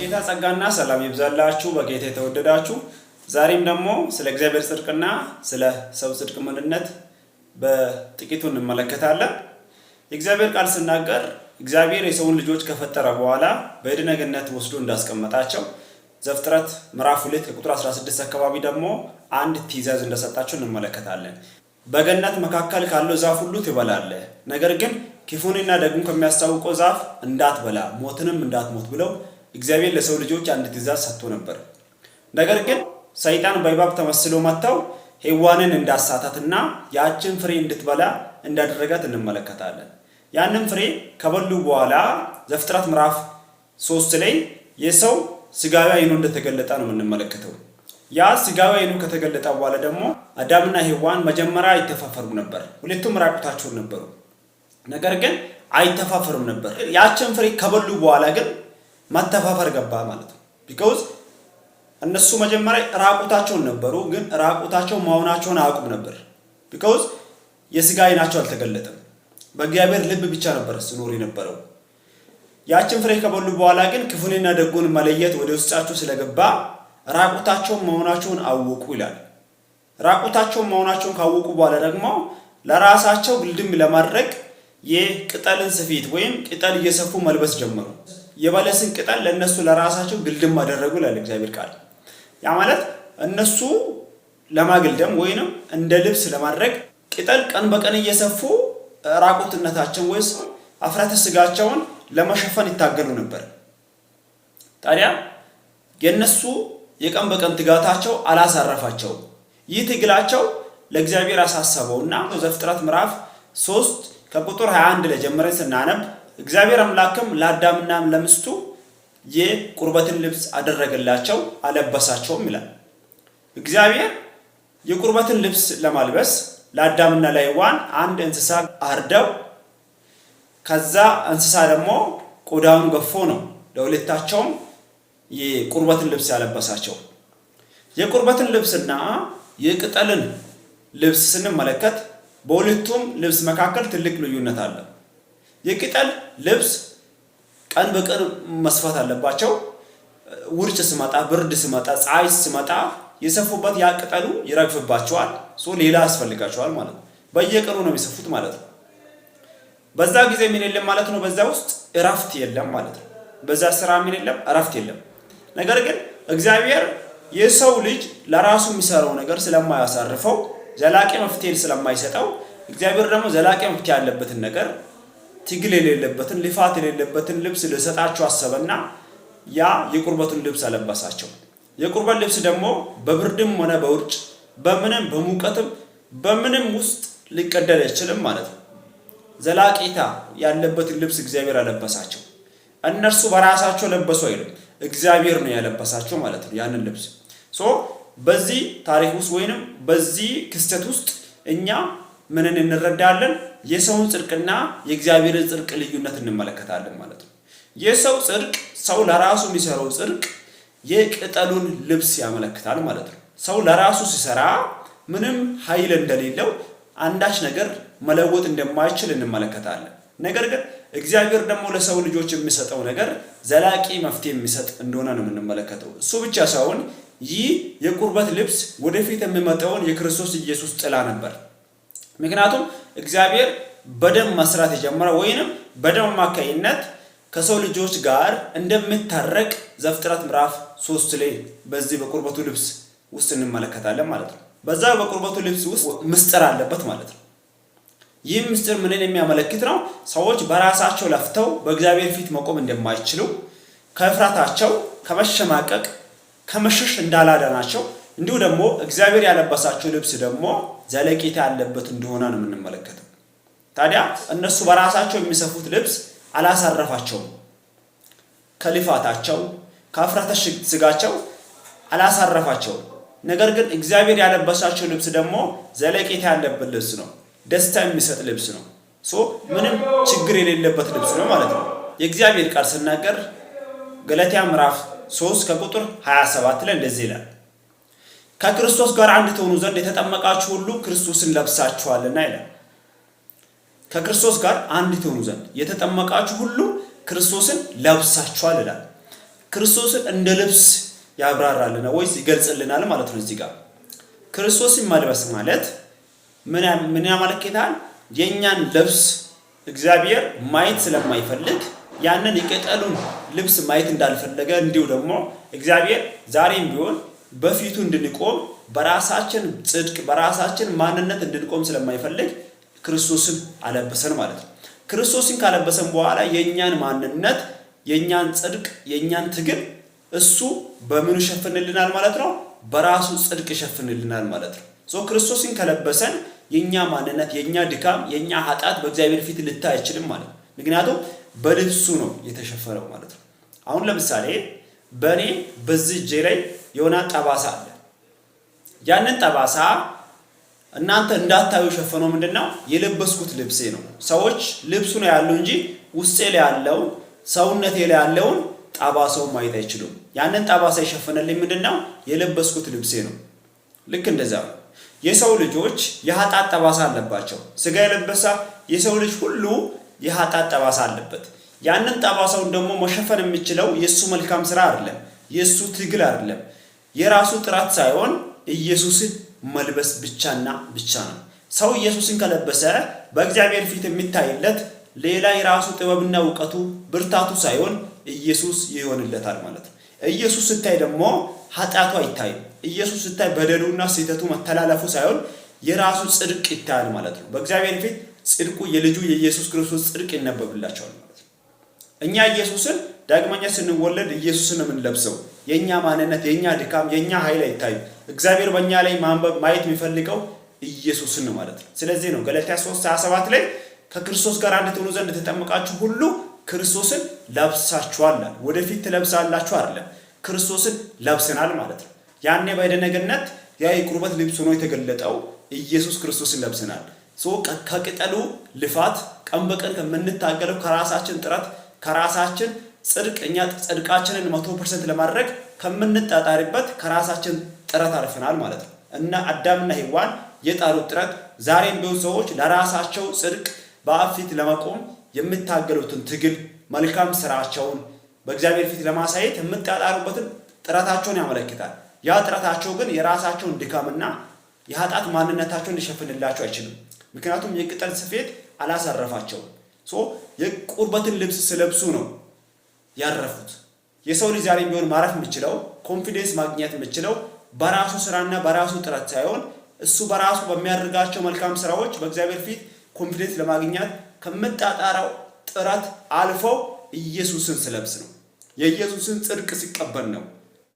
ጌታ ጸጋና ሰላም ይብዛላችሁ በጌታ የተወደዳችሁ። ዛሬም ደግሞ ስለ እግዚአብሔር ጽድቅና ስለ ሰው ጽድቅ ምንነት በጥቂቱ እንመለከታለን። የእግዚአብሔር ቃል ስናገር እግዚአብሔር የሰውን ልጆች ከፈጠረ በኋላ በዔድነ ገነት ወስዶ እንዳስቀመጣቸው ዘፍጥረት ምዕራፍ ሁለት ቁጥር 16 አካባቢ ደግሞ አንድ ትእዛዝ እንደሰጣቸው እንመለከታለን። በገነት መካከል ካለው ዛፍ ሁሉ ትበላለህ፣ ነገር ግን ክፉንና ደግሞ ከሚያስታውቀው ዛፍ እንዳትበላ ሞትንም እንዳትሞት ብለው እግዚአብሔር ለሰው ልጆች አንድ ትእዛዝ ሰጥቶ ነበር። ነገር ግን ሰይጣን በእባብ ተመስሎ መጥተው ሔዋንን እንዳሳታትና ያችን ፍሬ እንድትበላ እንዳደረጋት እንመለከታለን። ያንን ፍሬ ከበሉ በኋላ ዘፍጥረት ምዕራፍ ሶስት ላይ የሰው ስጋዊ አይኑ እንደተገለጠ ነው የምንመለከተው። ያ ስጋዊ አይኑ ከተገለጠ በኋላ ደግሞ አዳምና ሔዋን መጀመሪያ አይተፋፈሩም ነበር። ሁለቱም ራቁታቸውን ነበሩ። ነገር ግን አይተፋፈሩም ነበር። ያችን ፍሬ ከበሉ በኋላ ግን ማተፋፈር ገባ ማለት ነው። ቢካውዝ እነሱ መጀመሪያ ራቁታቸውን ነበሩ፣ ግን ራቁታቸው መሆናቸውን አያውቁም ነበር። ቢካውዝ የስጋ አይናቸው አልተገለጠም። በእግዚአብሔር ልብ ብቻ ነበር ሲኖር የነበረው። ያችን ፍሬ ከበሉ በኋላ ግን ክፉንና ደጉን መለየት ወደ ውስጣቸው ስለገባ ራቁታቸውን መሆናቸውን አወቁ ይላል። ራቁታቸውን መሆናቸውን ካወቁ በኋላ ደግሞ ለራሳቸው ግልድም ለማድረግ የቅጠልን ስፌት ወይም ቅጠል እየሰፉ መልበስ ጀመሩ። የበለስን ቅጠል ለእነሱ ለራሳቸው ግልድም አደረጉ ላለ እግዚአብሔር ቃል። ያ ማለት እነሱ ለማግልደም ወይንም እንደ ልብስ ለማድረግ ቅጠል ቀን በቀን እየሰፉ ራቁትነታቸውን ወይስ አፍረተ ስጋቸውን ለመሸፈን ይታገሉ ነበር። ታዲያ የእነሱ የቀን በቀን ትጋታቸው አላሳረፋቸው ይህ ትግላቸው ለእግዚአብሔር አሳሰበውና ዘፍጥረት ምዕራፍ 3 ከቁጥር 21 ላይ ስናነብ እግዚአብሔር አምላክም ለአዳምና ለምስቱ የቁርበትን ልብስ አደረገላቸው አለበሳቸውም ይላል። እግዚአብሔር የቁርበትን ልብስ ለማልበስ ለአዳምና ለሔዋን አንድ እንስሳ አርደው ከዛ እንስሳ ደግሞ ቆዳውን ገፎ ነው ለሁለታቸውም የቁርበትን ልብስ ያለበሳቸው። የቁርበትን ልብስና የቅጠልን ልብስ ስንመለከት በሁለቱም ልብስ መካከል ትልቅ ልዩነት አለው። የቅጠል ልብስ ቀን በቀን መስፋት አለባቸው። ውርጭ ስመጣ፣ ብርድ ስመጣ፣ ፀሐይ ስመጣ የሰፉበት ያ ቅጠሉ ይረግፍባቸዋል። ሌላ ያስፈልጋቸዋል ማለት ነው። በየቀኑ ነው የሚሰፉት ማለት ነው። በዛ ጊዜ ምን የለም ማለት ነው። በዛ ውስጥ እረፍት የለም ማለት ነው። በዛ ስራ ምን የለም እረፍት የለም። ነገር ግን እግዚአብሔር የሰው ልጅ ለራሱ የሚሰራው ነገር ስለማያሳርፈው ዘላቂ መፍትሄን ስለማይሰጠው እግዚአብሔር ደግሞ ዘላቂ መፍትሄ ያለበትን ነገር ትግል የሌለበትን ልፋት የሌለበትን ልብስ ልሰጣቸው አሰበና ያ የቁርበቱን ልብስ አለበሳቸው። የቁርበት ልብስ ደግሞ በብርድም ሆነ በውርጭ በምንም በሙቀትም በምንም ውስጥ ሊቀደል አይችልም ማለት ነው። ዘላቂታ ያለበትን ልብስ እግዚአብሔር አለበሳቸው። እነርሱ በራሳቸው ለበሱ አይልም፣ እግዚአብሔር ነው ያለበሳቸው ማለት ነው ያንን ልብስ። ሶ በዚህ ታሪክ ውስጥ ወይንም በዚህ ክስተት ውስጥ እኛ ምንን እንረዳለን? የሰውን ጽድቅና የእግዚአብሔርን ጽድቅ ልዩነት እንመለከታለን ማለት ነው። የሰው ጽድቅ ሰው ለራሱ የሚሰራው ጽድቅ የቅጠሉን ልብስ ያመለክታል ማለት ነው። ሰው ለራሱ ሲሰራ ምንም ኃይል እንደሌለው አንዳች ነገር መለወጥ እንደማይችል እንመለከታለን። ነገር ግን እግዚአብሔር ደግሞ ለሰው ልጆች የሚሰጠው ነገር ዘላቂ መፍትሄ የሚሰጥ እንደሆነ ነው የምንመለከተው። እሱ ብቻ ሳይሆን ይህ የቁርበት ልብስ ወደፊት የሚመጣውን የክርስቶስ ኢየሱስ ጥላ ነበር። ምክንያቱም እግዚአብሔር በደም መስራት የጀመረ ወይንም በደም አማካይነት ከሰው ልጆች ጋር እንደምታረቅ ዘፍጥረት ምዕራፍ ሶስት ላይ በዚህ በቁርበቱ ልብስ ውስጥ እንመለከታለን ማለት ነው። በዛ በቁርበቱ ልብስ ውስጥ ምስጢር አለበት ማለት ነው። ይህ ምስጢር ምንን የሚያመለክት ነው? ሰዎች በራሳቸው ለፍተው በእግዚአብሔር ፊት መቆም እንደማይችሉ ከፍራታቸው፣ ከመሸማቀቅ፣ ከመሸሽ እንዳላዳናቸው እንዲሁ ደግሞ እግዚአብሔር ያለበሳቸው ልብስ ደግሞ ዘለቂታ ያለበት እንደሆነ ነው የምንመለከተው። ታዲያ እነሱ በራሳቸው የሚሰፉት ልብስ አላሳረፋቸውም። ከልፋታቸው ከአፍረተ ስጋቸው አላሳረፋቸውም። ነገር ግን እግዚአብሔር ያለበሳቸው ልብስ ደግሞ ዘለቄታ ያለበት ልብስ ነው። ደስታ የሚሰጥ ልብስ ነው። ምንም ችግር የሌለበት ልብስ ነው ማለት ነው። የእግዚአብሔር ቃል ስናገር ገላትያ ምዕራፍ 3 ከቁጥር 27 ላይ እንደዚህ ይላል ከክርስቶስ ጋር አንድ ትሆኑ ዘንድ የተጠመቃችሁ ሁሉ ክርስቶስን ለብሳችኋልና ይላል። ከክርስቶስ ጋር አንድ ትሆኑ ዘንድ የተጠመቃችሁ ሁሉ ክርስቶስን ለብሳችኋል ይላል። ክርስቶስን እንደ ልብስ ያብራራልና ወይስ ይገልጽልናል ማለት ነው። እዚህ ጋር ክርስቶስን መልበስ ማለት ምን ያመለክታል? የእኛን ልብስ እግዚአብሔር ማየት ስለማይፈልግ ያንን የቅጠሉን ልብስ ማየት እንዳልፈለገ እንዲሁ ደግሞ እግዚአብሔር ዛሬም ቢሆን በፊቱ እንድንቆም በራሳችን ጽድቅ በራሳችን ማንነት እንድንቆም ስለማይፈልግ ክርስቶስን አለበሰን ማለት ነው። ክርስቶስን ካለበሰን በኋላ የእኛን ማንነት፣ የእኛን ጽድቅ፣ የእኛን ትግል እሱ በምኑ ይሸፍንልናል ማለት ነው? በራሱ ጽድቅ ይሸፍንልናል ማለት ነው። ሶ ክርስቶስን ከለበሰን የእኛ ማንነት፣ የእኛ ድካም፣ የእኛ ኃጢአት በእግዚአብሔር ፊት ልታ አይችልም ማለት ነው። ምክንያቱም በልብሱ ነው የተሸፈነው ማለት ነው። አሁን ለምሳሌ በእኔ በዚህ እጄ ላይ የሆነ ጠባሳ አለ። ያንን ጠባሳ እናንተ እንዳታዩ የሸፈነው ምንድን ነው? የለበስኩት ልብሴ ነው። ሰዎች ልብሱ ነው ያለው እንጂ ውስጤ ላይ ያለውን ሰውነቴ ላይ ያለውን ጠባሳውን ማየት አይችሉም። ያንን ጠባሳ የሸፈነልኝ ምንድን ነው? የለበስኩት ልብሴ ነው። ልክ እንደዛ ነው። የሰው ልጆች የኃጢአት ጠባሳ አለባቸው። ስጋ የለበሰ የሰው ልጅ ሁሉ የኃጢአት ጠባሳ አለበት። ያንን ጠባሳውን ደግሞ መሸፈን የሚችለው የእሱ መልካም ስራ አይደለም፣ የእሱ ትግል አይደለም፣ የራሱ ጥራት ሳይሆን ኢየሱስን መልበስ ብቻና ብቻ ነው። ሰው ኢየሱስን ከለበሰ በእግዚአብሔር ፊት የሚታይለት ሌላ የራሱ ጥበብና እውቀቱ ብርታቱ ሳይሆን ኢየሱስ ይሆንለታል ማለት ነው። ኢየሱስ ስታይ ደግሞ ኃጢአቱ አይታይም። ኢየሱስ ስታይ በደሉና ስህተቱ መተላለፉ ሳይሆን የራሱ ጽድቅ ይታያል ማለት ነው። በእግዚአብሔር ፊት ጽድቁ የልጁ የኢየሱስ ክርስቶስ ጽድቅ ይነበብላቸዋል ማለት ነው። እኛ ኢየሱስን ዳግመኛ ስንወለድ ኢየሱስን የምንለብሰው የእኛ ማንነት፣ የእኛ ድካም፣ የእኛ ኃይል አይታዩ። እግዚአብሔር በእኛ ላይ ማንበብ ማየት የሚፈልገው ኢየሱስን ማለት ነው። ስለዚህ ነው ገላትያ 3 27 ላይ ከክርስቶስ ጋር አንድ ትሆኑ ዘንድ የተጠመቃችሁ ሁሉ ክርስቶስን ለብሳችኋል። ወደፊት ትለብሳላችሁ አይደለም፣ ክርስቶስን ለብሰናል ማለት ነው። ያኔ በደነገነት ያ የቁርበት ልብስ ሆኖ የተገለጠው ኢየሱስ ክርስቶስን ለብሰናል። ከቅጠሉ ልፋት ቀን በቀን ከምንታገለው ከራሳችን ጥረት ከራሳችን ጽድቅ እኛ ጽድቃችንን መቶ ፐርሰንት ለማድረግ ከምንጣጣሪበት ከራሳችን ጥረት አልፈናል ማለት ነው እና አዳምና ሔዋን የጣሩት ጥረት ዛሬም ቢሆን ሰዎች ለራሳቸው ጽድቅ በአብ ፊት ለመቆም የሚታገሉትን ትግል መልካም ስራቸውን በእግዚአብሔር ፊት ለማሳየት የምጣጣሩበትን ጥረታቸውን ያመለክታል። ያ ጥረታቸው ግን የራሳቸውን ድካምና የኃጢአት ማንነታቸውን ሊሸፍንላቸው አይችልም። ምክንያቱም የቅጠል ስፌት አላሳረፋቸውም። ሶ የቁርበትን ልብስ ስለብሱ ነው ያረፉት። የሰው ልጅ ዛሬ ቢሆን ማረፍ የምችለው ኮንፊደንስ ማግኘት የምችለው በራሱ ስራና በራሱ ጥረት ሳይሆን እሱ በራሱ በሚያደርጋቸው መልካም ስራዎች በእግዚአብሔር ፊት ኮንፊደንስ ለማግኘት ከምጣጣራው ጥረት አልፈው ኢየሱስን ስለብስ ነው። የኢየሱስን ጽድቅ ሲቀበል ነው።